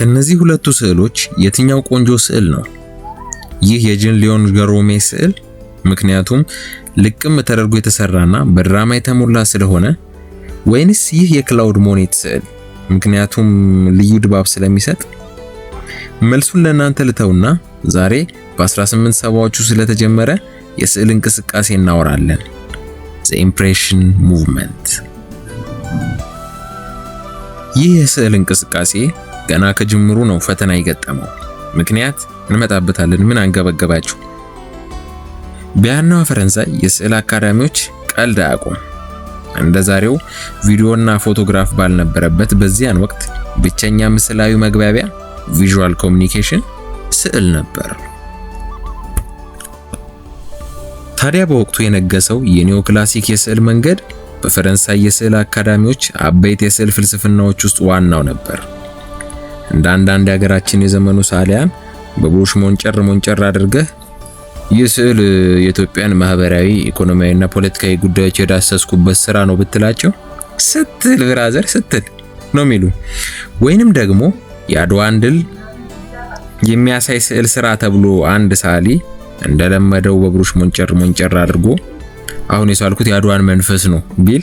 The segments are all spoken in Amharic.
ከነዚህ ሁለቱ ስዕሎች የትኛው ቆንጆ ስዕል ነው? ይህ የጂን ሊዮን ገሮሜ ስዕል ምክንያቱም ልቅም ተደርጎ የተሰራና በድራማ የተሞላ ስለሆነ ወይንስ ይህ የክላውድ ሞኔት ስዕል ምክንያቱም ልዩ ድባብ ስለሚሰጥ? መልሱን ለእናንተ ልተውና ዛሬ በ1870ዎቹ ስለተጀመረ የስዕል እንቅስቃሴ እናወራለን። ዘ ኢምፕሬሽን ሙቭመንት። ይህ የስዕል እንቅስቃሴ ገና ከጅምሩ ነው ፈተና የገጠመው። ምክንያት እንመጣበታለን። ምን አንገበገባችሁ? ቢያናዋ ፈረንሳይ የስዕል አካዳሚዎች ቀልድ አያውቁም። እንደ ዛሬው ቪዲዮና ፎቶግራፍ ባልነበረበት በዚያን ወቅት ብቸኛ ምስላዊ መግባቢያ ቪዥዋል ኮሚኒኬሽን ስዕል ነበር። ታዲያ በወቅቱ የነገሰው የኒዮ ክላሲክ የስዕል መንገድ በፈረንሳይ የስዕል አካዳሚዎች አበይት የስዕል ፍልስፍናዎች ውስጥ ዋናው ነበር። እንደ አንዳንድ የሀገራችን የዘመኑ ሳሊያን በብሩሽ ሞንጨር ሞንጨር አድርገህ ይህ ስዕል የኢትዮጵያን ማህበራዊ፣ ኢኮኖሚያዊና ፖለቲካዊ ጉዳዮች የዳሰስኩበት ስራ ነው ብትላቸው ስትል ብራዘር ስትል ነው የሚሉ ወይንም ደግሞ የአድዋን ድል የሚያሳይ ስዕል ስራ ተብሎ አንድ ሳሊ እንደለመደው በብሩሽ ሞንጨር ሞንጨር አድርጎ አሁን የሳልኩት የአድዋን መንፈስ ነው ቢል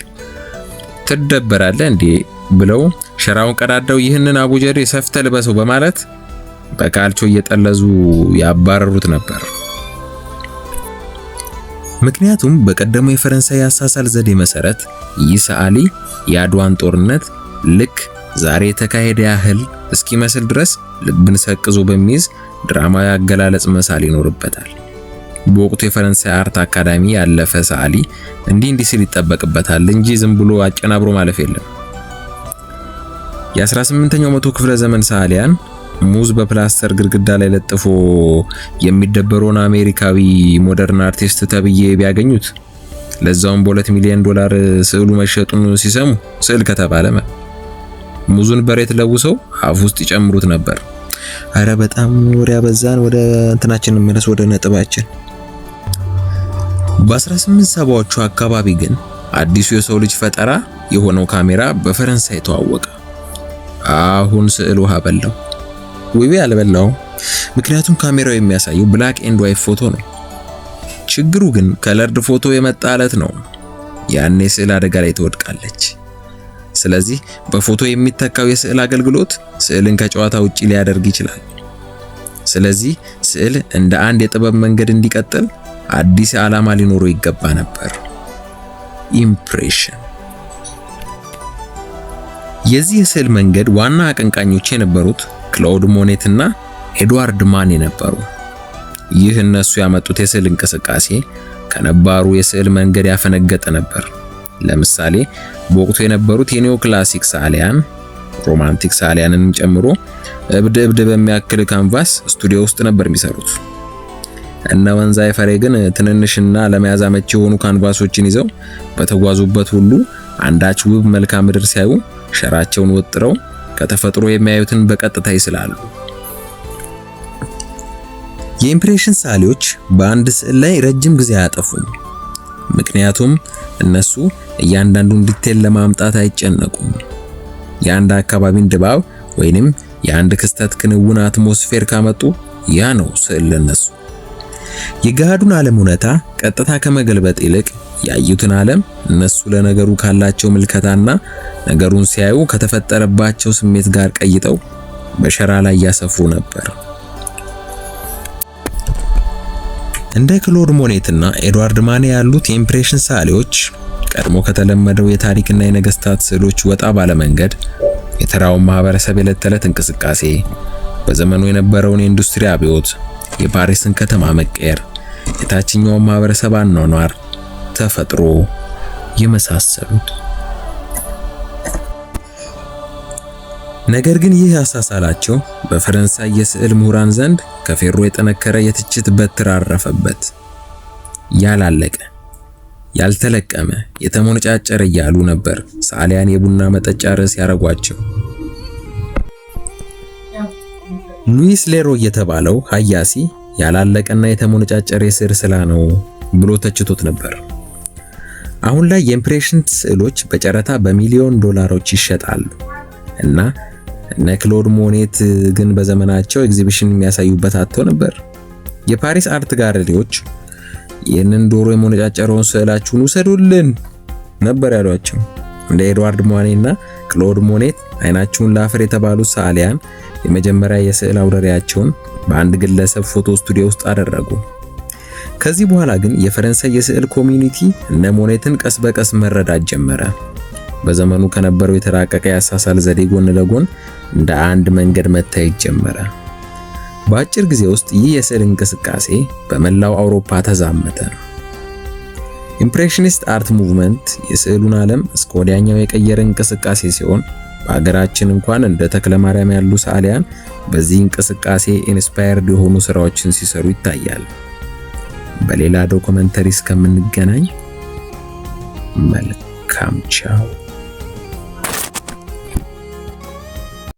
ትደበራለ እንዴ ብለው ሸራውን ቀዳደው ይህንን አቡጀዴ የሰፍተ ልበሰው በማለት በቃልቾ እየጠለዙ ያባረሩት ነበር። ምክንያቱም በቀደመው የፈረንሳይ አሳሳል ዘዴ መሰረት ይህ የአድዋን ጦርነት ልክ ዛሬ የተካሄደ ያህል እስኪመስል ድረስ ልብን ሰቅዞ በሚይዝ ድራማዊ አገላለጽ መሳል ይኖርበታል። በወቅቱ የፈረንሳይ አርት አካዳሚ ያለፈ ሰዓሊ እንዲህ እንዲህ ሲል ይጠበቅበታል እንጂ ዝም ብሎ አጨናብሮ ማለፍ የለም። የ18ኛው መቶ ክፍለ ዘመን ሰዓሊያን ሙዝ በፕላስተር ግድግዳ ላይ ለጥፎ የሚደበረውን አሜሪካዊ ሞደርን አርቲስት ተብዬ ቢያገኙት ለዛውም በሁለት ሚሊዮን ዶላር ስዕሉ መሸጡን ሲሰሙ ስዕል ከተባለ ሙዙን በሬት ለውሰው አፍ ውስጥ ይጨምሩት ነበር። አረ በጣም ወሬ ያበዛን። ወደ እንትናችን መለስ፣ ወደ ነጥባችን። በ1870ዎቹ አካባቢ ግን አዲሱ የሰው ልጅ ፈጠራ የሆነው ካሜራ በፈረንሳይ ተዋወቀ። አሁን ስዕል ውሃ በላው። ውቤ አልበላው፣ ምክንያቱም ካሜራው የሚያሳየው ብላክ ኤንድ ዋይት ፎቶ ነው። ችግሩ ግን ከለርድ ፎቶ የመጣ አለት ነው። ያኔ ስዕል አደጋ ላይ ትወድቃለች። ስለዚህ በፎቶ የሚተካው የስዕል አገልግሎት ስዕልን ከጨዋታ ውጪ ሊያደርግ ይችላል። ስለዚህ ስዕል እንደ አንድ የጥበብ መንገድ እንዲቀጥል አዲስ ዓላማ ሊኖረው ይገባ ነበር። ኢምፕሬሽን የዚህ የስዕል መንገድ ዋና አቀንቃኞች የነበሩት ክላውድ ሞኔት እና ኤድዋርድ ማን የነበሩ ይህ እነሱ ያመጡት የስዕል እንቅስቃሴ ከነባሩ የስዕል መንገድ ያፈነገጠ ነበር። ለምሳሌ በወቅቱ የነበሩት የኒዮ ክላሲክ ሳሊያን ሮማንቲክ ሳሊያንን ጨምሮ እብድ እብድ በሚያክል ካንቫስ ስቱዲዮ ውስጥ ነበር የሚሰሩት። እነ ወንዛ ፈሬ ግን ትንንሽና ለመያዝ አመቺ የሆኑ ካንቫሶችን ይዘው በተጓዙበት ሁሉ አንዳች ውብ መልክዓ ምድር ሲያዩ ሸራቸውን ወጥረው ከተፈጥሮ የሚያዩትን በቀጥታ ይስላሉ። የኢምፕሬሽን ሳሌዎች በአንድ ስዕል ላይ ረጅም ጊዜ አያጠፉም። ምክንያቱም እነሱ እያንዳንዱን ዲቴል ለማምጣት አይጨነቁም። የአንድ አካባቢን ድባብ ወይንም የአንድ ክስተት ክንውን አትሞስፌር ካመጡ ያ ነው ስዕል ለነሱ። የገሃዱን ዓለም እውነታ ቀጥታ ከመገልበጥ ይልቅ ያዩትን ዓለም እነሱ ለነገሩ ካላቸው ምልከታና ነገሩን ሲያዩ ከተፈጠረባቸው ስሜት ጋር ቀይጠው በሸራ ላይ ያሰፍሩ ነበር። እንደ ክሎድ ሞኔትና ኤድዋርድ ማኔ ያሉት የኢምፕሬሽን ሳሌዎች ቀድሞ ከተለመደው የታሪክና የነገስታት ስዕሎች ወጣ ባለመንገድ የተራውን ማህበረሰብ የዕለት ተዕለት እንቅስቃሴ፣ በዘመኑ የነበረውን የኢንዱስትሪ አብዮት የፓሪስን ከተማ መቀየር፣ የታችኛውን ማህበረሰብ አኗኗር፣ ተፈጥሮ የመሳሰሉት። ነገር ግን ይህ አሳሳላቸው በፈረንሳይ የስዕል ምሁራን ዘንድ ከፌሮ የጠነከረ የትችት በትር አረፈበት። ያላለቀ ያልተለቀመ የተሞነጫጨረ እያሉ ነበር ሰዓሊያን የቡና መጠጫ ርዕስ ያደረጓቸው። ሉዊስ ሌሮ የተባለው ሀያሲ ያላለቀና የተሞነጫጨረ የስዕል ስራ ነው ብሎ ተችቶት ነበር። አሁን ላይ የኢምፕሬሽን ስዕሎች በጨረታ በሚሊዮን ዶላሮች ይሸጣሉ እና እነ ክሎድ ሞኔት ግን በዘመናቸው ኤግዚቢሽን የሚያሳዩበት አጥተው ነበር። የፓሪስ አርት ጋለሪዎች ይህንን ዶሮ የሞነጫጨረውን ስዕላችሁን ውሰዱልን ነበር ያሏቸው። እንደ ኤድዋርድ ሞኔ እና ክሎድ ሞኔት አይናችሁን ለአፈር የተባሉ ሰዓሊያን የመጀመሪያ የስዕል አውደሪያቸውን በአንድ ግለሰብ ፎቶ ስቱዲዮ ውስጥ አደረጉ። ከዚህ በኋላ ግን የፈረንሳይ የስዕል ኮሚኒቲ እነ ሞኔትን ቀስ በቀስ መረዳት ጀመረ። በዘመኑ ከነበረው የተራቀቀ የአሳሳል ዘዴ ጎን ለጎን እንደ አንድ መንገድ መታየት ጀመረ። በአጭር ጊዜ ውስጥ ይህ የስዕል እንቅስቃሴ በመላው አውሮፓ ተዛመተ። ኢምፕሬሽኒስት አርት ሙቭመንት የስዕሉን ዓለም እስከ ወዲያኛው የቀየረ እንቅስቃሴ ሲሆን በሀገራችን እንኳን እንደ ተክለ ማርያም ያሉ ሰዓሊያን በዚህ እንቅስቃሴ ኢንስፓየርድ የሆኑ ስራዎችን ሲሰሩ ይታያል። በሌላ ዶክመንተሪስ እስከምንገናኝ መልካም ቻው።